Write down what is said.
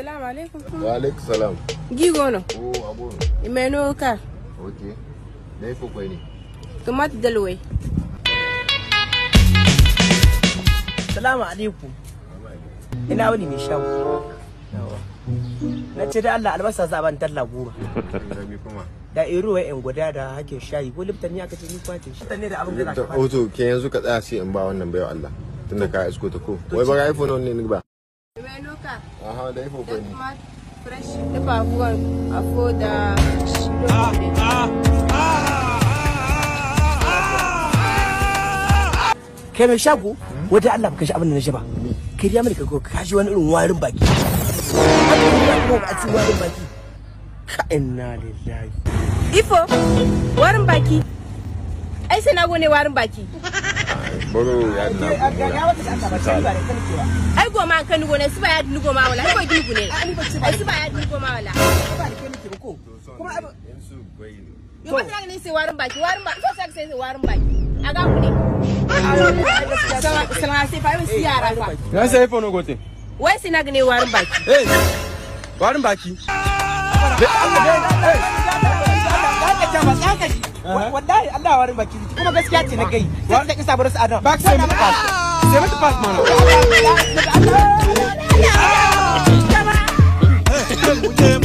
assalamu alaikum wa alaikum salam Gi no o oh, abono imeno ka okay dai ko kai ne tomat dalwai assalamu alaikum ina wani mai shawo na ce da Allah albasa za a ban talla goma da iru wa guda da hake shayi ko liftan ya kace ni kwace shi ne da abin da ka oto ke yanzu ka tsaya sai in ba wannan bayo Allah tunda ka isko ta ko wai ba iPhone ne ni ba Renuka. Aha, da ifo Da kuma kai mai shago hmm? wata Allah shi abin da na kai ya ka shi wani irin warin baki a warin baki ka lillahi ifo warin baki ai sai na gone warin baki boro ya na ai goma kan su ba ya dinu goma wala ko gini gune ai su ba ya wala kuma abu yo ba tana ne sai warin baki warin baki so sai sai warin baki a ga ku ne na sai fa wai warin baki eh warin baki Uh-huh. wallahi Allah warin baki kuma gaskiya ce na gai sai ta kisa bar su adam back sai mata pass sai mata pass mana ah! Allah ah!